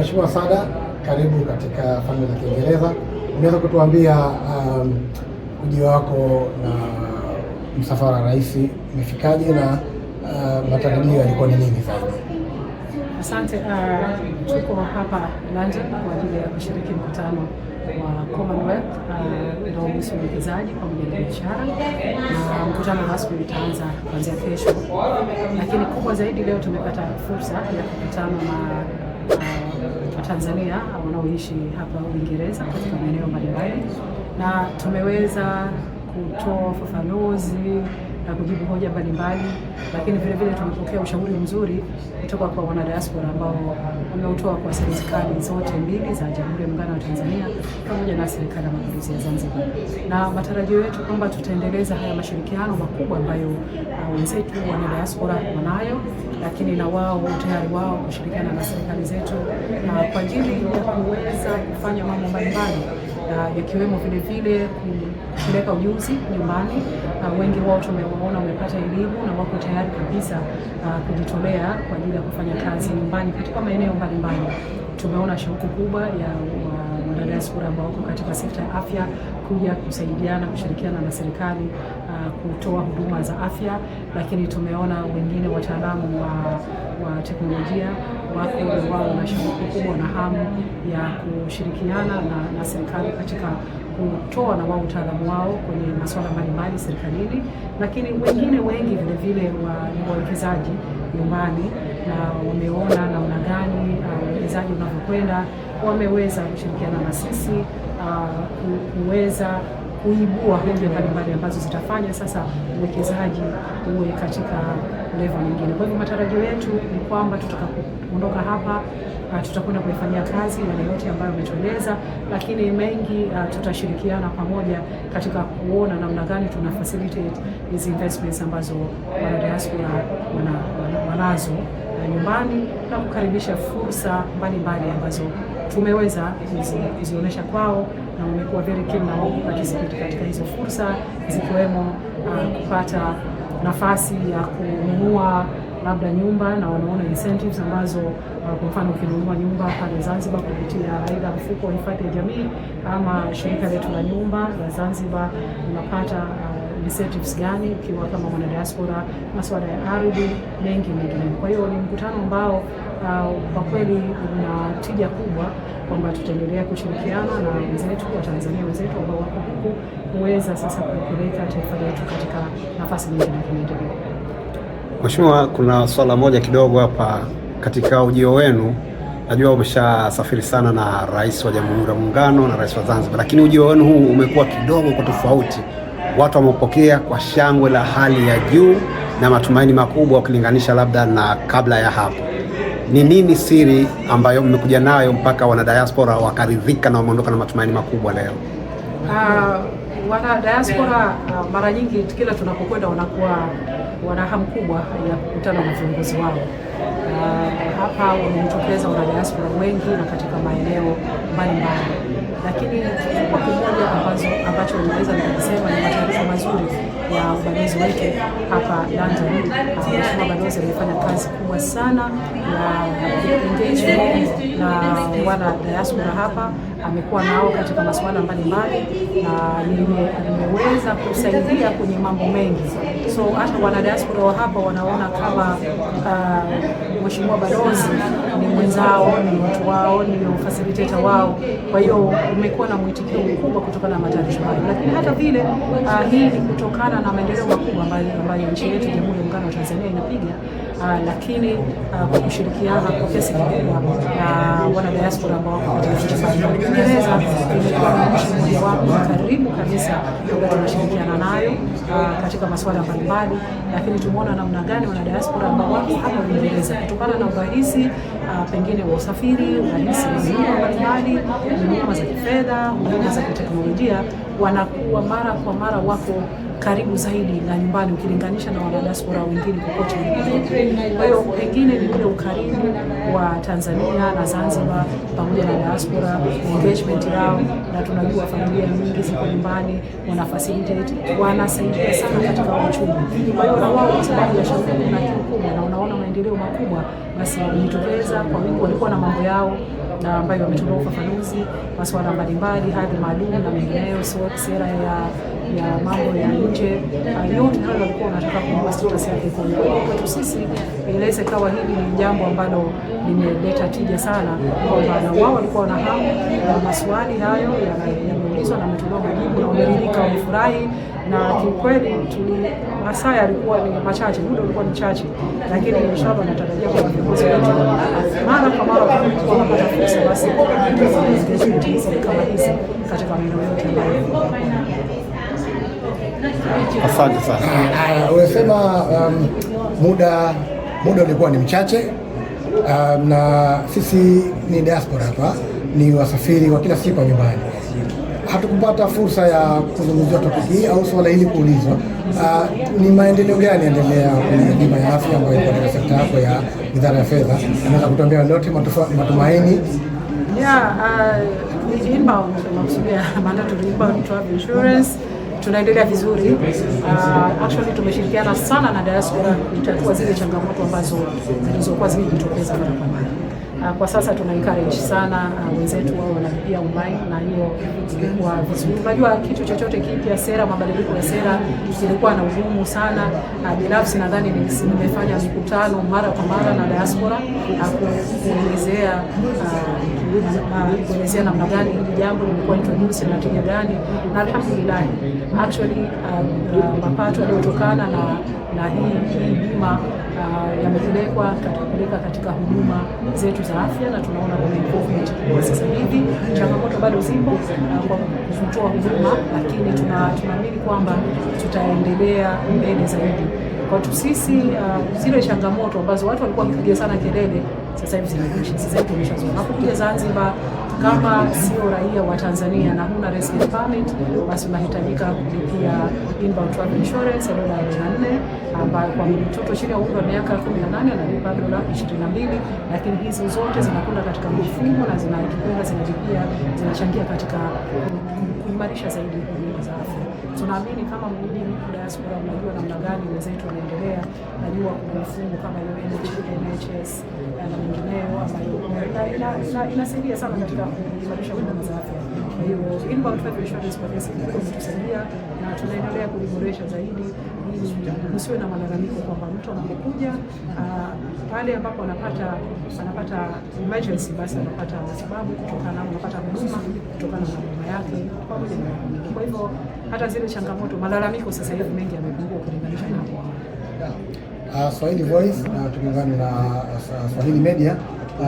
Mheshimiwa Sada, karibu katika Falme za Kiingereza. Unaweza kutuambia um, ujio wako na msafara wa rais umefikaje na uh, matarajio yalikuwa ni nini zaidi? Asante. Uh, tuko hapa London kwa ajili ya kushiriki mkutano wa Commonwealth unaohusu uh, uwekezaji pamoja na biashara, na mkutano rasmi utaanza kuanzia kesho, lakini kubwa zaidi leo tumepata fursa ya kukutana na uh, tanzania wanaoishi hapa Uingereza katika maeneo mbalimbali na tumeweza kutoa ufafanuzi na kujibu hoja mbalimbali, lakini vile vile tumepokea ushauri mzuri kutoka kwa wanadiaspora ambao wameutoa kwa serikali zote mbili za Jamhuri ya Muungano wa Tanzania pamoja na Serikali ya Mapinduzi ya Zanzibar, na matarajio yetu kwamba tutaendeleza haya mashirikiano makubwa ambayo uh, wenzetu uh, wanadiaspora wanayo, lakini na wao utayari wao kushirikiana na serikali zetu uh, kwa ajili ya kuweza kufanya mambo mbalimbali vikiwemo vile vile kupeleka ujuzi nyumbani. Uh, wengi wao tumewaona wamepata elimu na wako tayari kabisa uh, kujitolea kwa ajili ya kufanya kazi nyumbani katika maeneo mbalimbali. Tumeona shauku kubwa ya wanadiaspora ambao wako katika sekta ya afya kuja kusaidiana, kushirikiana na serikali Uh, kutoa huduma za afya, lakini tumeona wengine wataalamu wa, wa teknolojia wako wao na shauku kubwa na hamu ya kushirikiana na, na serikali katika kutoa na wao utaalamu wao kwenye masuala mbalimbali serikalini, lakini wengine wengi vilevile wa wawekezaji nyumbani na wameona namna gani uh, uwekezaji uh, unavyokwenda, wameweza kushirikiana na sisi uh, kuweza kuibua hoja mbalimbali ambazo zitafanya sasa uwekezaji uwe katika level nyingine. Kwa hivyo matarajio yetu ni kwamba tutakapoondoka hapa Uh, tutakwenda kuifanyia kazi yale yote ambayo umetueleza, lakini mengi uh, tutashirikiana pamoja katika kuona namna gani tuna facilitate hizi investments ambazo wanadiaspora wanazo wana, wana, wana nyumbani na kukaribisha fursa mbalimbali ambazo tumeweza kuzionyesha kwao, na wamekuwa very keen na wao kuparticipate katika hizo fursa zikiwemo uh, kupata nafasi ya kununua labda nyumba na wanaona incentives ambazo uh, kwa mfano ukinunua nyumba pale Zanzibar kupitia aidha mfuko wa hifadhi ya jamii ama shirika letu la nyumba la Zanzibar unapata uh, initiatives gani ukiwa kama mwana diaspora, masuala ya ardhi, mengi mengine. Kwa hiyo ni mkutano ambao uh, kwa uh, kweli una tija kubwa kwamba tutaendelea kushirikiana na wenzetu wa Tanzania wenzetu ambao wako huku kuweza sasa kupeleka taifa letu katika nafasi nyingine ya maendeleo. Mheshimiwa, kuna swala moja kidogo hapa katika ujio wenu najua umeshasafiri sana na Rais wa Jamhuri ya Muungano na Rais wa Zanzibar, lakini ujio wenu huu umekuwa kidogo kwa tofauti watu wamepokea kwa shangwe la hali ya juu na matumaini makubwa ukilinganisha labda na kabla ya hapo. Ni nini siri ambayo mmekuja nayo mpaka wanadiaspora wakaridhika na wameondoka na matumaini makubwa leo? Uh, ah, diaspora uh, ah, mara nyingi kila tunapokwenda wanakuwa wana hamu kubwa ya kukutana na viongozi wao. Uh, hapa wamejitokeza diaspora wengi na katika maeneo mbalimbali, lakini kikwazo ambacho unaweza kusema ni mataifa mazuri ya ubalozi wake hapa London. Mheshimiwa balozi amefanya kazi kubwa sana engagement na wana diaspora hapa, amekuwa nao katika masuala mbalimbali na nimeweza kusaidia kwenye mambo mengi, so hata wana diaspora wa hapa wanaona kama uh, mheshimiwa balozi ni mwenzao, ni mtu wao, ni facilitator wao. Kwa hiyo umekuwa na mwitikio mkubwa kutokana na matayarisho hayo, lakini hata vile uh, hii ni kutokana na maendeleo makubwa ambayo nchi yetu Jamhuri ya Muungano wa Tanzania inapiga Ah, lakini ah, kwa kushirikiana kwa kiasi kikubwa ah, na wana diaspora ambao wako katika nchi za Uingereza, imekuwa mojawapo karibu kabisa ambayo tunashirikiana nayo katika masuala mbalimbali, lakini tumeona namna gani wana diaspora ambao wako hapa Uingereza kutokana na urahisi pengine wa usafiri, urahisi wa huduma mbalimbali, huduma za kifedha, huduma za kiteknolojia wanakuwa mara kwa mara, wako karibu zaidi na nyumbani ukilinganisha na wanadiaspora wengine popote. Kwa hiyo pengine ni ule ukaribu wa Tanzania na Zanzibar pamoja na diaspora engagement yao, na tunajua familia nyingi ziko nyumbani, wana facilitate, wanasaidia sana katika uchumi. Kwa hiyo na wao kwa sababu ya na kitu kubwa na unaona maendeleo makubwa, basi wamejitokeza kwa wingi, walikuwa na mambo yao na ambayo wametoa ufafanuzi masuala mbalimbali, hadhi maalum na mengineyo, sera ya ya mambo ya nje ah, yote hayo walikuwa wanataka kuondoa status yake. Kwa hiyo kwetu sisi inaweza ikawa hili ni jambo ambalo limeleta tija sana, kwamba wao walikuwa na hamu na maswali hayo yameulizwa na wametolewa majibu na wameridhika, wamefurahi na kiukweli tuli masaa yalikuwa ni machache, muda ulikuwa ni chache, lakini inshallah natarajia kwa viongozi wetu mara kwa mara wanapata fursa basi kama hizi katika maeneo yote ambayo Asante sana. Umesema um, muda muda ulikuwa ni mchache um, na sisi ni diaspora hapa, ni wasafiri wa kila siku wa nyumbani hatukupata fursa ya kuzungumzia topic hii au swala hili kuulizwa. Uh, ni maendeleo gani yanaendelea kwenye bima ya afya ambayo iko katika sekta yako ya idara ya fedha? Unaweza kutuambia lote matumaini? Yeah, uh, ah, Travel Insurance tunaendelea vizuri. Uh, actually tumeshirikiana sana na diaspora kutatua zile changamoto ambazo zilizokuwa zimejitokeza mara kwa mara. Ah, kwa sasa tuna encourage sana ah, wenzetu wao wanalipia umai, na hiyo ilikuwa vizuri. Unajua, kitu chochote kipya, sera, mabadiliko ya sera ilikuwa na ugumu sana. Ah, binafsi nadhani nimefanya mikutano mara kwa mara na diaspora kuelezea kuelezea namna gani hili jambo limekuwa introduce na tija gani, na alhamdulillah actually mapato yaliyotokana na hii bima yamepelekwa katika katika huduma zetu za afya, na tunaona kuna improvement sasa hivi. Changamoto bado zipo uh, kwa kutoa huduma, lakini tunaamini kwamba tutaendelea mbele zaidi. Kwetu sisi uh, zile changamoto ambazo watu walikuwa wakipiga sana kelele, sasa hivi zinaisha. Sasa hivi Zanzibar kama sio raia wa Tanzania na huna resident permit, basi unahitajika kulipia inbound travel insurance ya dola 44 ambayo kwa mtoto chini ya umri wa miaka 18 analipa dola 22, lakini hizo zote zinakwenda katika mifumo na zinakiea zinalipia zinachangia katika kuimarisha zaidi huduma za afya. Tunaamini kama mjini mrudi diaspora, unajua namna gani wenzetu wanaendelea. Najua kuna mifumo kama hiyo NHS na mengineyo ambayo inasaidia sana katika kuimarisha huduma za afya. Kwa hiyo inbound travel insurance policy inatusaidia na tunaendelea kuiboresha zaidi ili kusiwe na malalamiko kwamba mtu anapokuja pale ambapo anapata anapata emergency basi anapata matibabu kutokana anapata huduma kutokana na huduma yake pamoja na. Kwa hivyo hata zile changamoto, malalamiko sasa hivi mengi yamepungua kulinganisha na Swahili uh, Voice na tukiungana na Swahili Media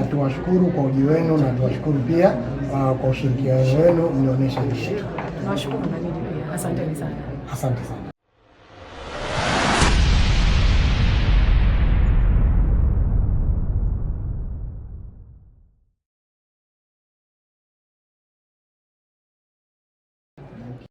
tuwashukuru kwa uji wenu na tuwashukuru pia uh, kwa ushirikiano wenu mlionyesha nchi yetu. Asante sana.